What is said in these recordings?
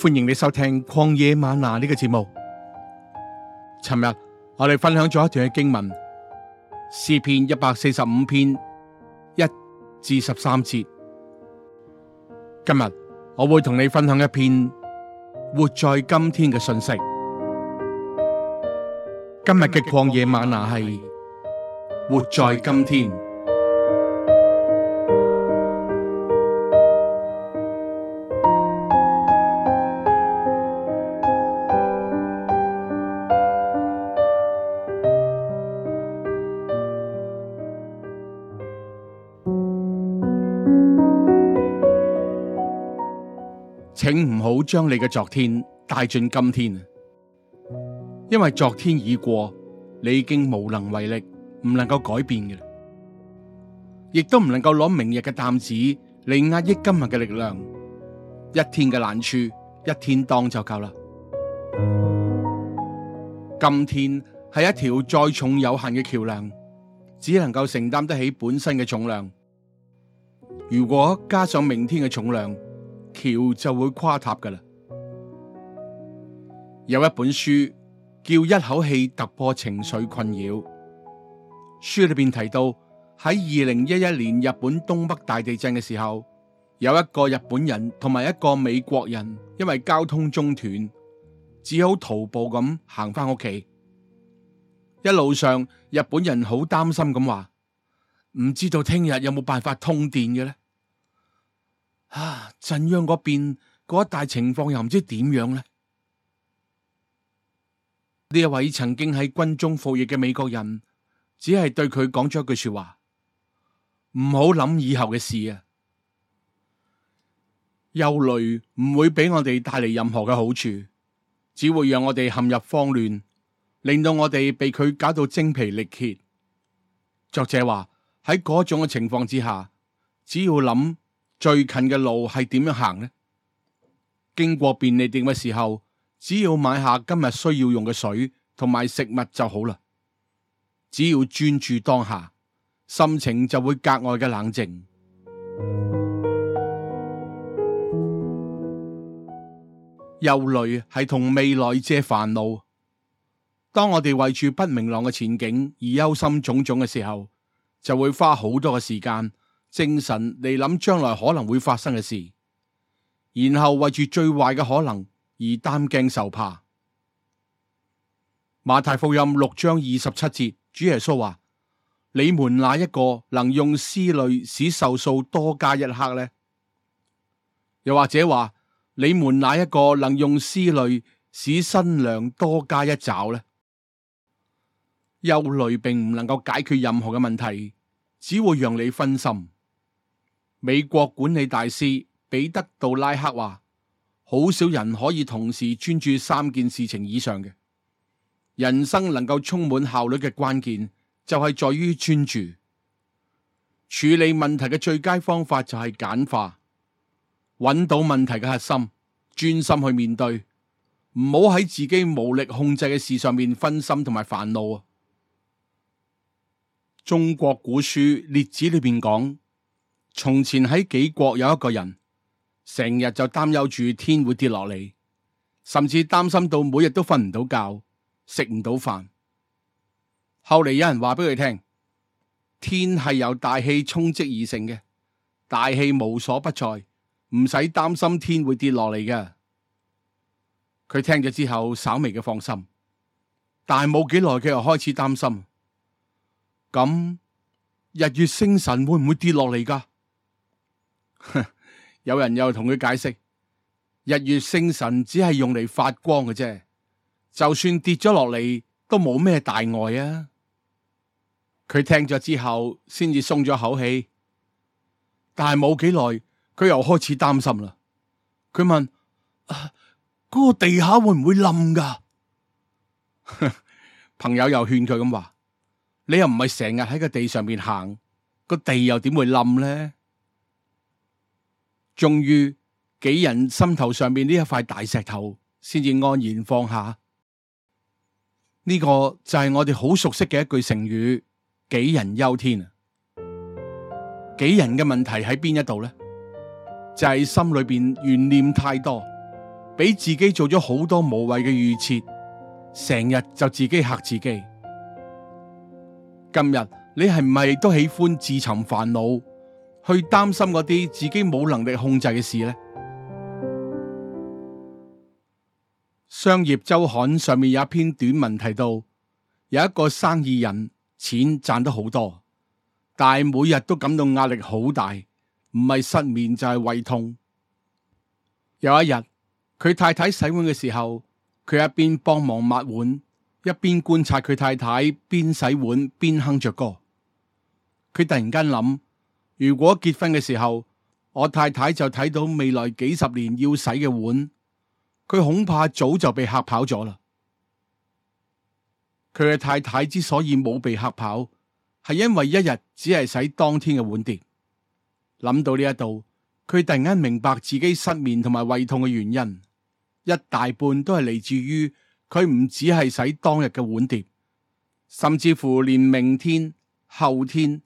歡迎你收聽《曠野嗎哪》呢個節目。尋日我哋分享咗一段嘅經文，詩篇一百四十五篇一至十三節。今日我會同你分享一篇活在今天嘅信息。今日嘅曠野嗎哪係「活在今天」。將你嘅昨天帶進今天，因為昨天已過，你已經無能為力，唔能夠改變嘅，亦都唔能夠攞明日嘅擔子嚟壓抑今日嘅力量。一天嘅難處，一天當就夠啦。今天係一條載重有限嘅橋樑，只能夠承擔得起本身嘅重量。如果加上明天嘅重量，橋就會垮塌噶啦。有一本書叫《一口氣突破情緒困擾》，書裏邊提到喺二零一一年日本東北大地震嘅時候，有一個日本人同埋一個美國人因為交通中斷，只好徒步咁行返屋企。一路上，日本人好擔心咁話，唔知道聽日有冇辦法通電嘅呢？」啊！鎮央嗰邊嗰一帶情況又唔知點樣呢？呢一位曾經喺軍中服役嘅美國人，只係對佢講咗一句說話：唔好諗以後嘅事啊！憂慮唔會俾我哋帶嚟任何嘅好處，只會讓我哋陷入慌亂，令到我哋被佢搞到精疲力竭。作者話喺嗰種嘅情況之下，只要諗。最近嘅路係點樣行呢？經過便利店嘅時候，只要買下今日需要用嘅水同埋食物就好啦。只要專注當下，心情就會格外嘅冷靜。憂慮係同未來借煩惱。當我哋為住不明朗嘅前景而憂心忡忡嘅時候，就會花好多嘅時間。精神嚟諗將來可能會發生嘅事，然後為住最壞嘅可能而擔驚受怕。馬太福音六章二十七節，主耶穌話：「你們哪一個能用思慮使壽數多加一刻呢？又或者話，你們哪一個能用思慮使身量多加一爪呢？憂慮並唔能夠解決任何嘅問題，只會讓你分心。美國管理大師彼得杜拉克話，好少人可以同時專注三件事情以上嘅。人生能夠充滿效率嘅關鍵，就係在於專注。處理問題嘅最佳方法就係簡化，揾到問題嘅核心，專心去面對，唔好喺自己無力控制嘅事上面分心同埋煩惱。中國古書《列子》裏邊講。從前喺杞國有一個人，成日就擔憂住天會跌落嚟，甚至擔心到每日都瞓唔到覺，食唔到飯。後嚟有人話俾佢聽，天係由大氣沖積而成嘅，大氣無所不在，唔使擔心天會跌落嚟嘅。佢聽咗之後，稍微嘅放心，但係冇幾耐，佢又開始擔心。咁日月星辰會唔會跌落嚟噶？ 有人又同佢解釋，日月星辰只係用嚟發光嘅啫，就算跌咗落嚟都冇咩大礙啊。佢聽咗之後，先至鬆咗口氣。但係冇幾耐，佢又開始擔心啦。佢問：嗰、啊個地下會唔會冧噶？ 朋友又勸佢咁話：你又唔係成日喺個地上邊行，個地又點會冧呢？終於杞人心頭上邊呢一塊大石頭先至安然放下，呢、呢個就係我哋好熟悉嘅一句成語：杞人憂天。杞人嘅問題喺邊一度呢？就係、是、心裏邊懸念太多，俾自己做咗好多無謂嘅預設，成日就自己嚇自己。今日你係咪都喜歡自尋煩惱？去擔心嗰啲自己冇能力控制嘅事呢？商業周刊上面有一篇短文提到，有一個生意人，錢賺得好多，但係每日都感到壓力好大，唔係失眠就係胃痛。有一日，佢太太洗碗嘅時候，佢一邊幫忙抹碗，一邊觀察佢太太邊洗碗邊哼着歌。佢突然間諗。如果結婚嘅時候，我太太就睇到未來幾十年要洗嘅碗，佢恐怕早就被嚇跑咗啦。佢嘅太太之所以冇被嚇跑，係因為一日只係洗當天嘅碗碟。諗到呢一度，佢突然間明白自己失眠同埋胃痛嘅原因，一大半都係嚟自於佢唔只係洗當日嘅碗碟，甚至乎連明天、後天，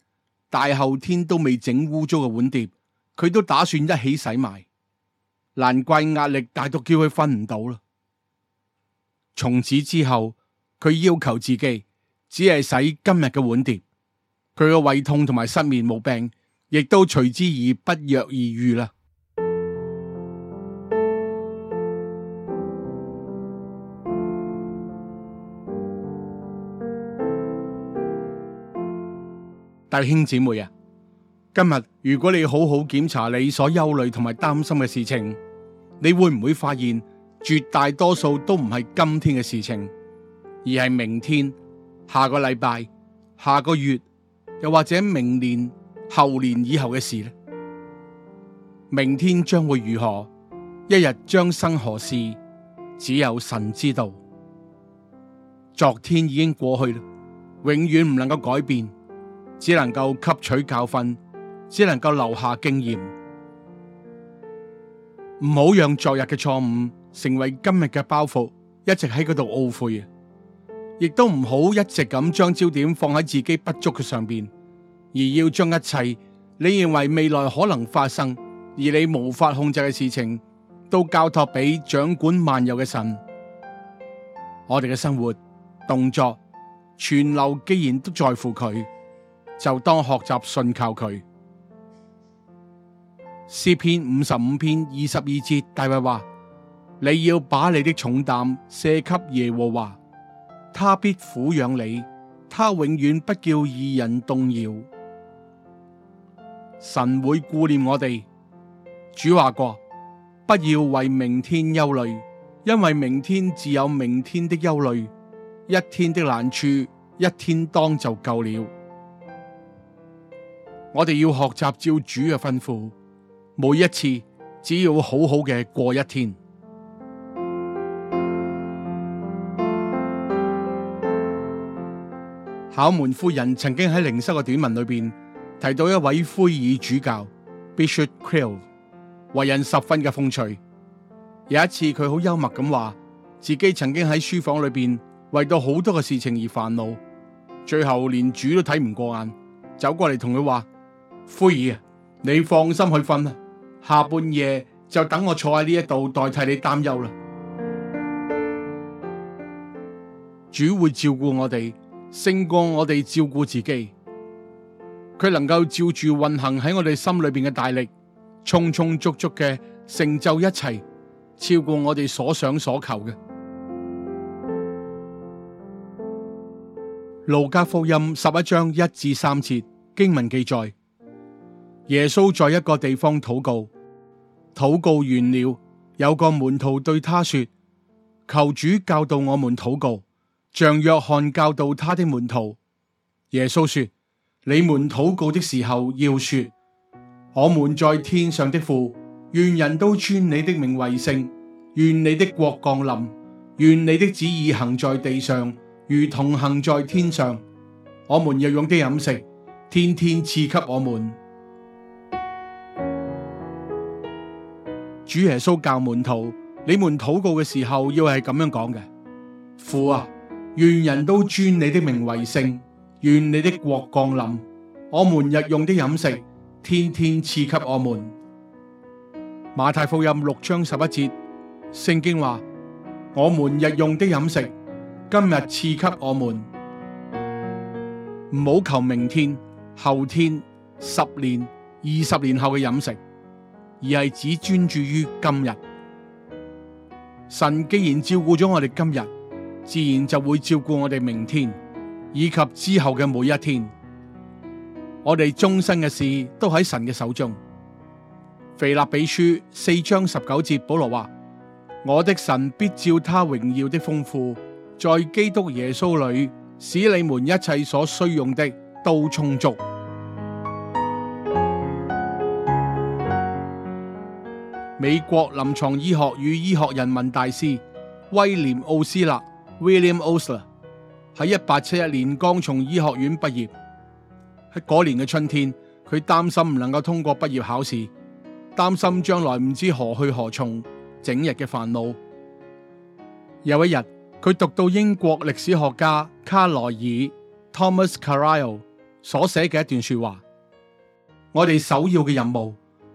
大後天都未整污糟嘅碗碟，佢都打算一起洗埋。難怪壓力大到叫佢瞓唔到啦。從此之後，佢要求自己只係洗今日嘅碗碟。佢嘅胃痛同埋失眠毛病，亦都隨之而不藥而癒啦。弟兄姊妹啊，今日如果你好好檢查你所憂慮同埋擔心嘅事情，你會唔會發現絕大多數都唔係今天嘅事情，而係明天、下個禮拜、下個月，又或者明年、後年以後嘅事呢？明天將會如何？一日將生何事？只有神知道。昨天已經過去啦，永遠唔能夠改變。只能夠吸取教訓，只能夠留下經驗，唔好 讓昨日嘅錯誤成為今日嘅包袱，一直喺嗰度懊悔，亦都唔好一直咁將焦點放喺自己不足嘅上面，而要將一切你認為未來可能發生而你無法控制嘅事情，都交託俾掌管萬有嘅神。我哋嘅生活、動作、存留，既然都在乎佢。就當學習信靠佢。詩篇五十五篇二十二節，大衛話：你要把你的重擔卸給耶和華，他必撫養你，他永遠不叫義人動搖。神會顧念我哋。主話過：不要為明天憂慮，因為明天自有明天的憂慮，一天的難處一天當就夠了。我哋要學習照主嘅吩咐，每一次只要好好嘅過一天。考門夫人曾經喺靈修嘅短文裏邊提到一位灰衣主教 Bishop Quill，為人十分嘅風趣。有一次佢好幽默咁話，自己曾經喺書房裏邊為到好多嘅事情而煩惱，最後連主都睇唔過眼，走過嚟，同佢話。灰兒，你放心去瞓啦。下半夜就等我坐喺呢一度代替你擔憂啦。主會照顧我哋，勝過我哋照顧自己。佢能夠照住運行喺我哋心裏邊嘅大力，充充足足嘅成就一切，超過我哋所想所求嘅。路加福音十一章一至三節經文記載。耶穌在一個地方禱告，禱告完了，有個門徒對他說：求主教導我們禱告，像約翰教導他的門徒。耶穌說：你們禱告的時候，要說：我們在天上的父，願人都尊你的名為聖，願你的國降臨，願你的旨意行在地上，如同行在天上。我們日用的飲食，天天賜給我們。主耶穌教門徒，你們禱告嘅時候要係咁樣講嘅：父啊，願人都尊你的名為聖，願你的國降臨，我們日用的飲食天天賜給我們。馬太福音六章十一節，聖經話：我們日用的飲食，今日賜給我們，唔好求明天、後天、十年、二十年後嘅飲食。而係只專注於今日，神既然照顧咗我哋今日，自然就會照顧我哋明天以及之後嘅每一天。我哋終身嘅事都喺神嘅手中。腓立比書四章十九節，保羅話：我的神必照他榮耀的豐富，在基督耶穌裏，使你們一切所需用的都充足。美國臨床醫學與醫學人文大師威廉奧斯納 （William Osler） 喺一八七一年剛從醫學院畢業。喺嗰年嘅春天，佢擔心唔能夠通過畢業考試，擔心將來唔知何去何從，整日嘅煩惱。有一日，佢讀到英國歷史學家卡羅爾 （Thomas c a r l l e 所寫嘅一段說話：，我哋首要嘅任務。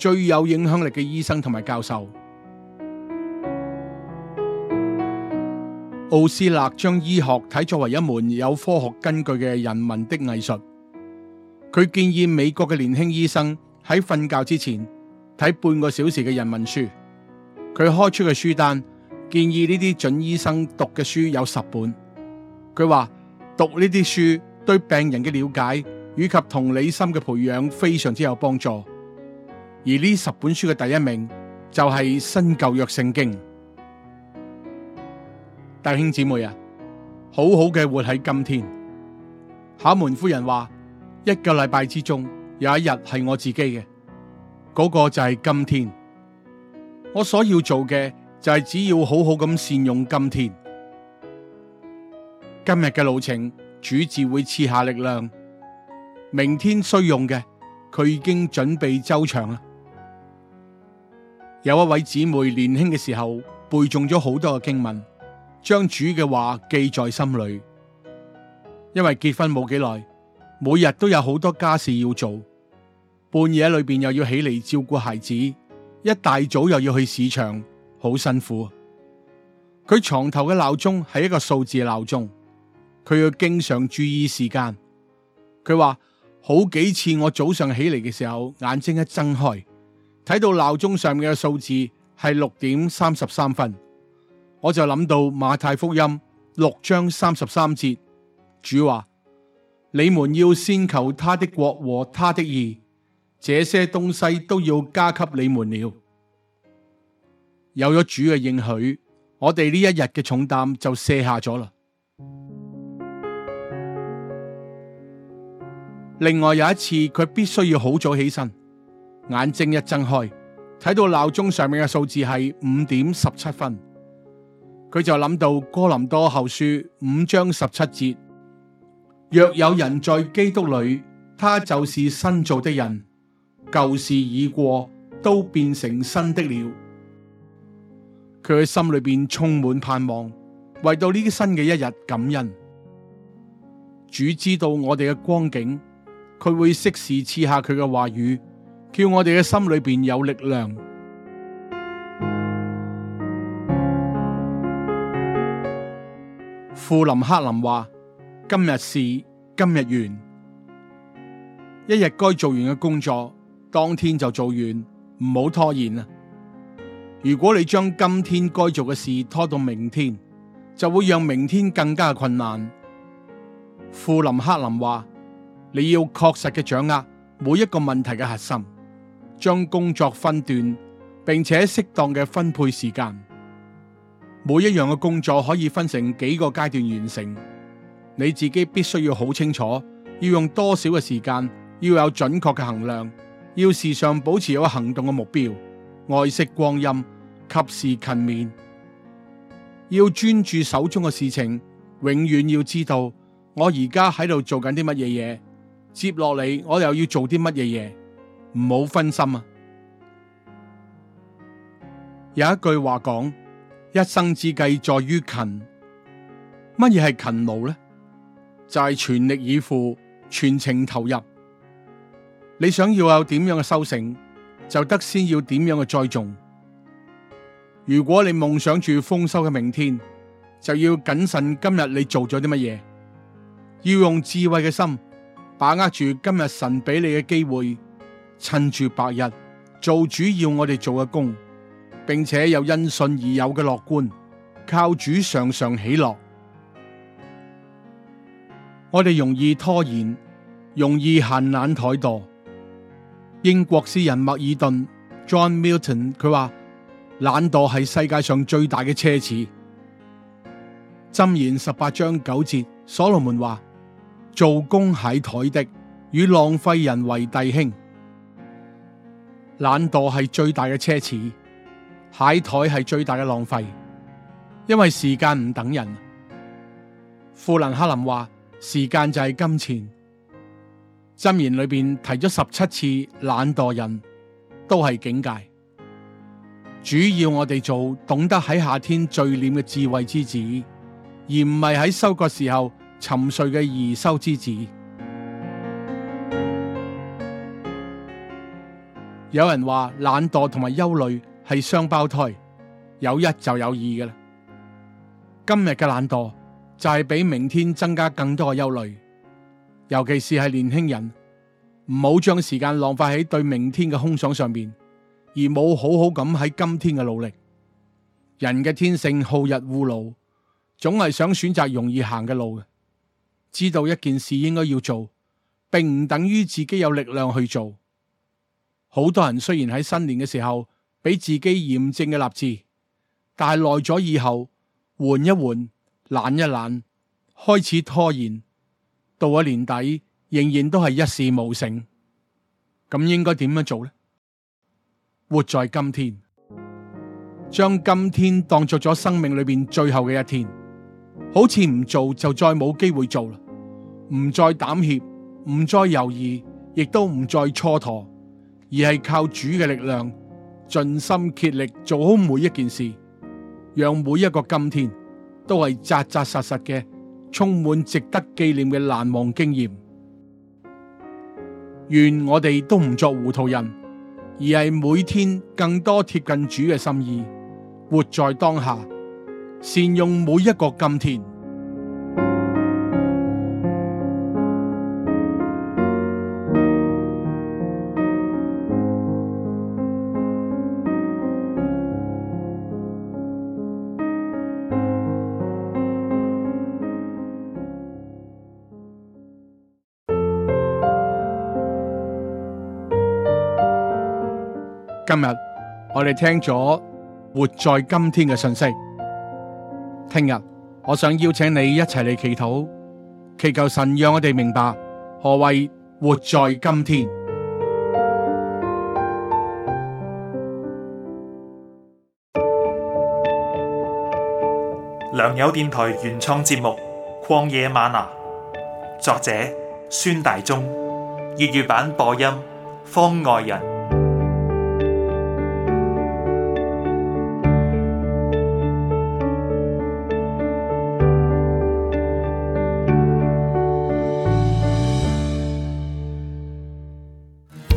最有影響力嘅醫生同埋教授奧斯勒，將醫學睇作為一門有科學根據嘅人文的藝術。佢建議美國嘅年輕醫生喺瞓覺之前睇半個小時嘅人文書。佢開出嘅書單建議呢啲準醫生讀嘅書有十本。佢話讀呢啲書對病人嘅了解以及同理心嘅培養非常之有幫助。而呢十本書嘅第一名就係、是、新舊約聖經。弟兄姊妹啊，好好嘅活喺今天。考門夫人話：一個禮拜之中有一日係我自己嘅，嗰、那個就係今天。我所要做嘅就係、是、只要好好咁善用今天。今日嘅路程，主自會賜下力量；明天需用嘅，佢已經準備周詳啦。有一位姊妹年輕嘅時候背誦咗好多嘅經文，將主嘅話記在心裏。因為結婚冇幾耐，每日都有好多家事要做，半夜裏邊又要起嚟照顧孩子，一大早又要去市場，好辛苦。佢床頭嘅鬧鐘係一個數字鬧鐘，佢要經常注意時間。佢話，好幾次我早上起嚟嘅時候，眼睛一睜開。睇到鬧鐘上面嘅數字係六點三十三分，我就諗到馬太福音六章三十三節，主話：你們要先求他的國和他的義，這些東西都要加給你們了。有咗主嘅應許，我哋呢一日嘅重擔就卸下咗啦。另外有一次，佢必須要好早起身。眼睛一睜開，睇到鬧鐘上面嘅數字係五點十七分，佢就諗到哥林多後書五章十七節：若有人在基督裏，他就是新造的人，舊事已過，都變成新的了。佢嘅心裏邊充滿盼望，為到呢啲新嘅一日感恩。主知道我哋嘅光景，佢會適時賜下佢嘅話語。叫我哋嘅心裏邊有力量。富蘭克林話：今日事今日完，一日該做完嘅工作當天就做完，唔好拖延啊！如果你將今天該做嘅事拖到明天，就會讓明天更加困難。富蘭克林話：你要確實嘅掌握每一個問題嘅核心。將工作分段，並且適當嘅分配時間。每一樣嘅工作可以分成幾個階段完成。你自己必須要好清楚，要用多少嘅時間，要有準確嘅衡量，要時常保持有行動嘅目標，愛惜光陰，及時勤勉，要專注手中嘅事情。永遠要知道，我而家喺度做緊啲乜嘢嘢，接落嚟我又要做啲乜嘢嘢。唔好分心啊！有一句話講：一生之計在於勤。乜嘢係勤勞咧？就係全力以赴、全程投入。你想要有點樣嘅收成，就得先要點樣嘅栽種。如果你夢想住豐收嘅明天，就要謹慎今日你做咗啲乜嘢。要用智慧嘅心把握住今日神俾你嘅機會。趁住白日做主要我哋做嘅工，並且有因信而有嘅樂觀，靠主常常喜樂。我哋容易拖延，容易閒懶怠惰。英國詩人默爾頓 （John Milton） 佢話：懶惰係世界上最大嘅奢侈。箴言十八章九節，所羅門話：做工懈怠的，與浪費人為弟兄。懶惰係最大嘅奢侈，懈怠係最大嘅浪費，因為時間唔等人。富蘭克林話：時間就係金錢。箴言裏邊提咗十七次懶惰人，人都係警戒。主要我哋做懂得喺夏天聚斂嘅智慧之子，而唔係喺收割時候沉睡嘅貽羞之子。有人話懶惰同埋憂慮係雙胞胎，有一就有二嘅啦。今日嘅懶惰就係俾明天增加更多嘅憂慮，尤其是係年輕人，唔好將時間浪費喺對明天嘅空想上面，而冇好好咁喺今天嘅努力。人嘅天性好逸惡勞，總係想選擇容易行嘅路嘅。知道一件事應該要做，並唔等於自己有力量去做。好多人雖然喺新年嘅時候俾自己驗證嘅立志，但係耐咗以後，緩一緩、懶一懶，開始拖延，到咗年底仍然都係一事無成。咁應該點樣做呢？活在今天，將今天當作咗生命裏邊最後嘅一天，好似唔做就再冇機會做啦，唔再膽怯，唔再猶豫，亦都唔再蹉跎。而係靠主嘅力量，盡心竭力做好每一件事，讓每一個今天都係扎扎實實嘅，充滿值得紀念嘅難忘經驗。願我哋都唔作糊塗人，而係每天更多貼近主嘅心意，活在當下，善用每一個今天。今日我哋聽咗活在今天嘅信息，聽日我想邀請你一齊嚟祈禱，祈求神讓我哋明白何謂活在今天。良友電台原創節目《曠野嗎哪》，作者孫大中，粵語版播音方外人。